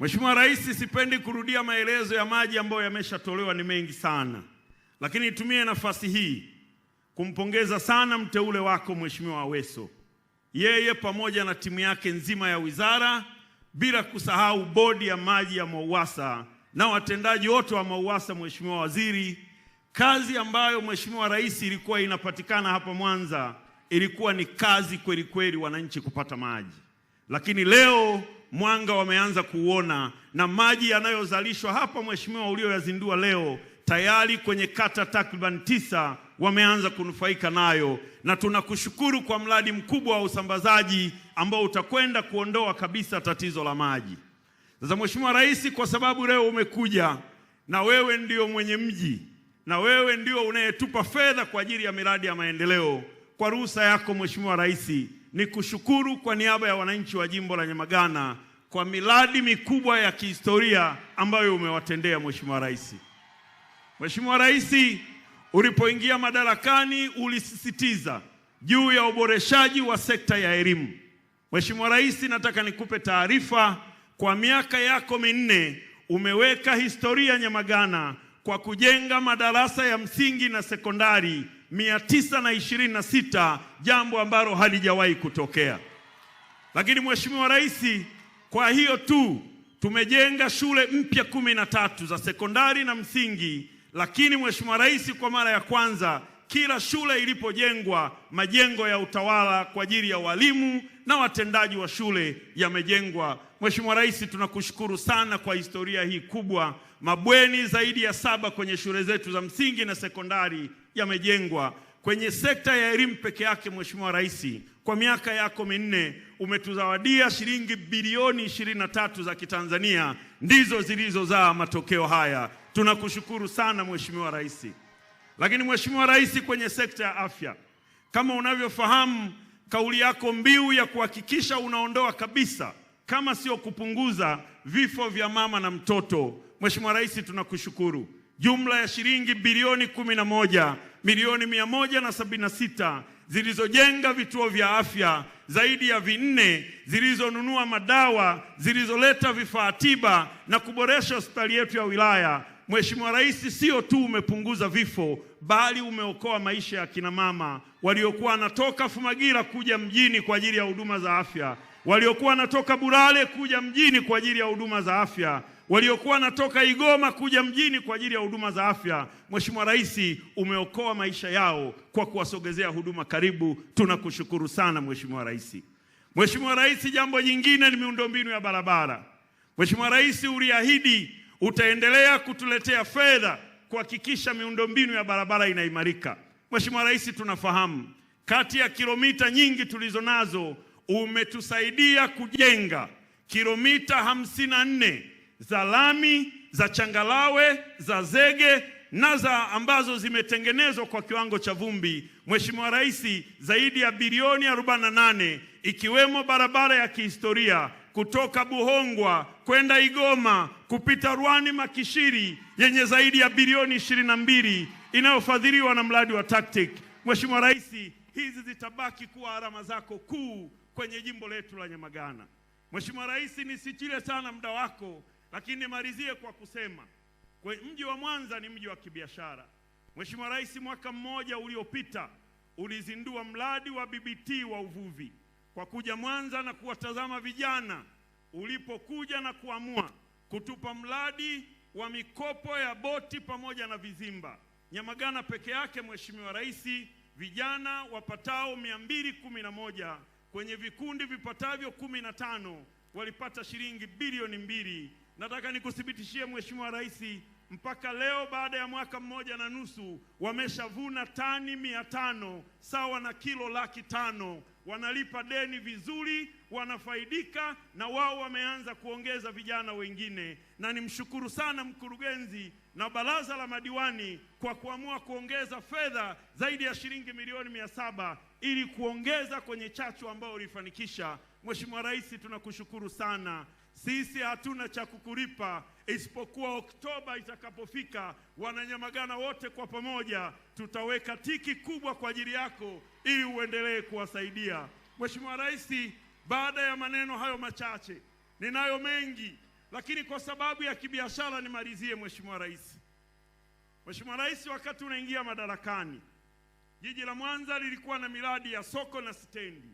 Mheshimiwa Rais, sipendi kurudia maelezo ya maji ambayo yameshatolewa ni mengi sana, lakini nitumie nafasi hii kumpongeza sana mteule wako Mheshimiwa Aweso, yeye pamoja na timu yake nzima ya wizara, bila kusahau bodi ya maji ya MWAUWASA na watendaji wote wa MWAUWASA. Mheshimiwa Waziri, kazi ambayo Mheshimiwa Rais ilikuwa inapatikana hapa Mwanza ilikuwa ni kazi kweli kweli, wananchi kupata maji, lakini leo mwanga wameanza kuuona, na maji yanayozalishwa hapa, mheshimiwa, ulioyazindua leo tayari kwenye kata takriban tisa wameanza kunufaika nayo, na tunakushukuru kwa mradi mkubwa wa usambazaji ambao utakwenda kuondoa kabisa tatizo la maji. Sasa Mheshimiwa Rais, kwa sababu leo umekuja na wewe ndio mwenye mji na wewe ndio unayetupa fedha kwa ajili ya miradi ya maendeleo, kwa ruhusa yako Mheshimiwa Rais, ni kushukuru kwa niaba ya wananchi wa jimbo la Nyamagana kwa miradi mikubwa ya kihistoria ambayo umewatendea Mheshimiwa Rais. Mheshimiwa Rais, ulipoingia madarakani ulisisitiza juu ya uboreshaji wa sekta ya elimu. Mheshimiwa Rais, nataka nikupe taarifa, kwa miaka yako minne umeweka historia Nyamagana kwa kujenga madarasa ya msingi na sekondari 926, jambo ambalo halijawahi kutokea. Lakini Mheshimiwa Rais, kwa hiyo tu tumejenga shule mpya kumi na tatu za sekondari na msingi. Lakini Mheshimiwa Rais, kwa mara ya kwanza kila shule ilipojengwa, majengo ya utawala kwa ajili ya walimu na watendaji wa shule yamejengwa. Mheshimiwa Rais, tunakushukuru sana kwa historia hii kubwa. Mabweni zaidi ya saba kwenye shule zetu za msingi na sekondari yamejengwa. Kwenye sekta ya elimu peke yake, Mheshimiwa Rais, kwa miaka yako minne umetuzawadia shilingi bilioni ishirini na tatu za Kitanzania, ndizo zilizozaa matokeo haya. Tunakushukuru sana Mheshimiwa Rais. Lakini Mheshimiwa Rais, kwenye sekta ya afya, kama unavyofahamu, kauli yako mbiu ya kuhakikisha unaondoa kabisa kama sio kupunguza vifo vya mama na mtoto. Mheshimiwa Rais, tunakushukuru. Jumla ya shilingi bilioni kumi na moja milioni sita zilizojenga vituo vya afya zaidi ya vinne, zilizonunua madawa, zilizoleta vifaa tiba na kuboresha hospitali yetu ya wilaya. Mheshimiwa Rais, sio tu umepunguza vifo bali umeokoa maisha ya kina mama waliokuwa wanatoka Fumagira kuja mjini kwa ajili ya huduma za afya, waliokuwa wanatoka Burale kuja mjini kwa ajili ya huduma za afya waliokuwa wanatoka Igoma kuja mjini kwa ajili ya huduma za afya, Mheshimiwa Rais, umeokoa maisha yao kwa kuwasogezea huduma karibu. Tunakushukuru sana Mheshimiwa Rais. Mheshimiwa Rais, jambo jingine ni miundombinu ya barabara. Mheshimiwa Rais, uliahidi utaendelea kutuletea fedha kuhakikisha miundombinu ya barabara inaimarika. Mheshimiwa Rais, tunafahamu kati ya kilomita nyingi tulizo nazo umetusaidia kujenga kilomita hamsini na nne za lami, za changalawe, za zege na za ambazo zimetengenezwa kwa kiwango cha vumbi. Mheshimiwa Rais, zaidi ya bilioni 48 ikiwemo barabara ya kihistoria kutoka Buhongwa kwenda Igoma kupita Rwani Makishiri yenye zaidi ya bilioni ishirini na mbili inayofadhiliwa na mradi wa TACTIC. Mheshimiwa Rais, hizi zitabaki kuwa alama zako kuu kwenye jimbo letu la Nyamagana. Mheshimiwa Rais, nisichile sana muda wako. Lakini nimalizie kwa kusema kwa mji wa Mwanza ni mji wa kibiashara. Mheshimiwa Rais mwaka mmoja uliopita ulizindua mradi wa BBT wa uvuvi kwa kuja Mwanza na kuwatazama vijana, ulipokuja na kuamua kutupa mradi wa mikopo ya boti pamoja na vizimba. Nyamagana peke yake, Mheshimiwa Rais, vijana wapatao mia mbili kumi na moja kwenye vikundi vipatavyo kumi na tano walipata shilingi bilioni mbili Nataka nikuthibitishie Mheshimiwa Rais, mpaka leo baada ya mwaka mmoja na nusu wameshavuna tani mia tano sawa na kilo laki tano. Wanalipa deni vizuri, wanafaidika na wao wameanza kuongeza vijana wengine, na nimshukuru sana mkurugenzi na baraza la madiwani kwa kuamua kuongeza fedha zaidi ya shilingi milioni mia saba ili kuongeza kwenye chachu ambayo ulifanikisha. Mheshimiwa Rais, tunakushukuru sana. Sisi hatuna cha kukulipa isipokuwa Oktoba itakapofika, Wananyamagana wote kwa pamoja tutaweka tiki kubwa kwa ajili yako ili uendelee kuwasaidia. Mheshimiwa Rais, baada ya maneno hayo machache, ninayo mengi lakini kwa sababu ya kibiashara nimalizie. Mheshimiwa Rais, Mheshimiwa Rais, wakati unaingia madarakani, jiji la Mwanza lilikuwa na miradi ya soko na stendi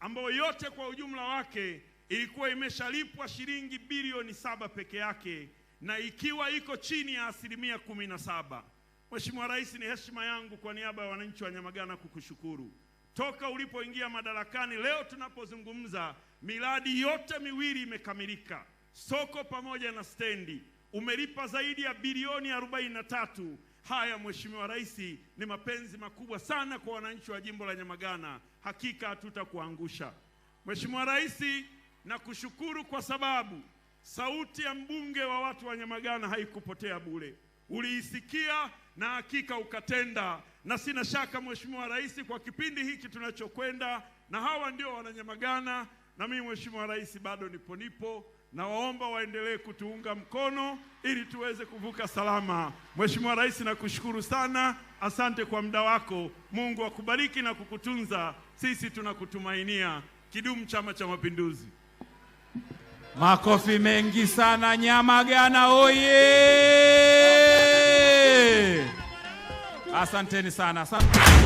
ambayo yote kwa ujumla wake ilikuwa imeshalipwa shilingi bilioni saba peke yake na ikiwa iko chini ya asilimia kumi na saba. Mheshimiwa Rais, ni heshima yangu kwa niaba ya wananchi wa Nyamagana kukushukuru toka ulipoingia madarakani. Leo tunapozungumza, miradi yote miwili imekamilika, soko pamoja na stendi. Umelipa zaidi ya bilioni arobaini na tatu. Haya Mheshimiwa Rais, ni mapenzi makubwa sana kwa wananchi wa jimbo la Nyamagana, hakika hatutakuangusha Mheshimiwa Rais na kushukuru kwa sababu sauti ya mbunge wa watu wa Nyamagana haikupotea bure, uliisikia na hakika ukatenda, na sina shaka Mheshimiwa Rais, kwa kipindi hiki tunachokwenda, na hawa ndio wananyamagana, na mimi Mheshimiwa Rais bado nipo nipo, na waomba waendelee kutuunga mkono ili tuweze kuvuka salama. Mheshimiwa Rais, nakushukuru sana, asante kwa muda wako. Mungu akubariki na kukutunza, sisi tunakutumainia. Kidumu Chama cha Mapinduzi! Makofi mengi sana Nyamagana oye! Asanteni sana, asante.